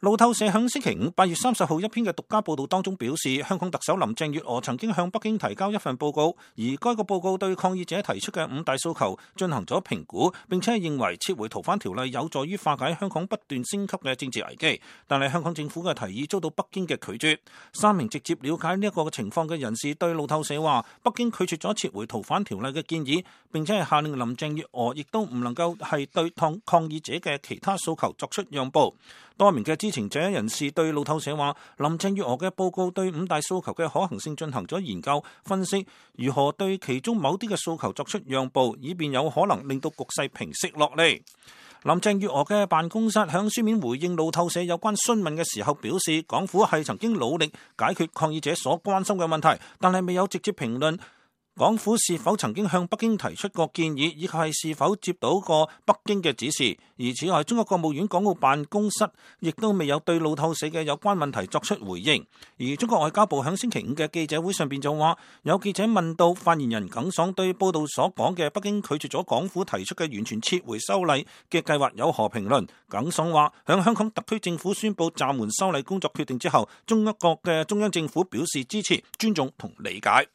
路透社喺星期五八月三十號一篇嘅獨家報道當中表示，香港特首林鄭月娥曾經向北京提交一份報告，而該個報告對抗議者提出嘅五大訴求進行咗評估，並且係認為撤回逃犯條例有助於化解香港不斷升級嘅政治危機，但係香港政府嘅提議遭到北京嘅拒絕。三名直接了解呢一個情況嘅人士對路透社話，北京拒絕咗撤回逃犯條例嘅建議，並且係下令林鄭月娥亦都唔能夠係對抗抗議者嘅其他訴求作出讓步。多名嘅。知情者人士對路透社話：林鄭月娥嘅報告對五大訴求嘅可行性進行咗研究分析，如何對其中某啲嘅訴求作出讓步，以便有可能令到局勢平息落嚟。林鄭月娥嘅辦公室向書面回應路透社有關詢問嘅時候表示：港府係曾經努力解決抗議者所關心嘅問題，但係未有直接評論。港府是否曾經向北京提出過建議，以及係是否接到過北京嘅指示？而此外，中國國務院港澳辦公室亦都未有對路透社嘅有關問題作出回應。而中國外交部喺星期五嘅記者會上邊就話，有記者問到發言人耿爽對報道所講嘅北京拒絕咗港府提出嘅完全撤回修例嘅計劃有何評論？耿爽話：向香港特區政府宣布暫緩修例工作決定之後，中國嘅中央政府表示支持、尊重同理解。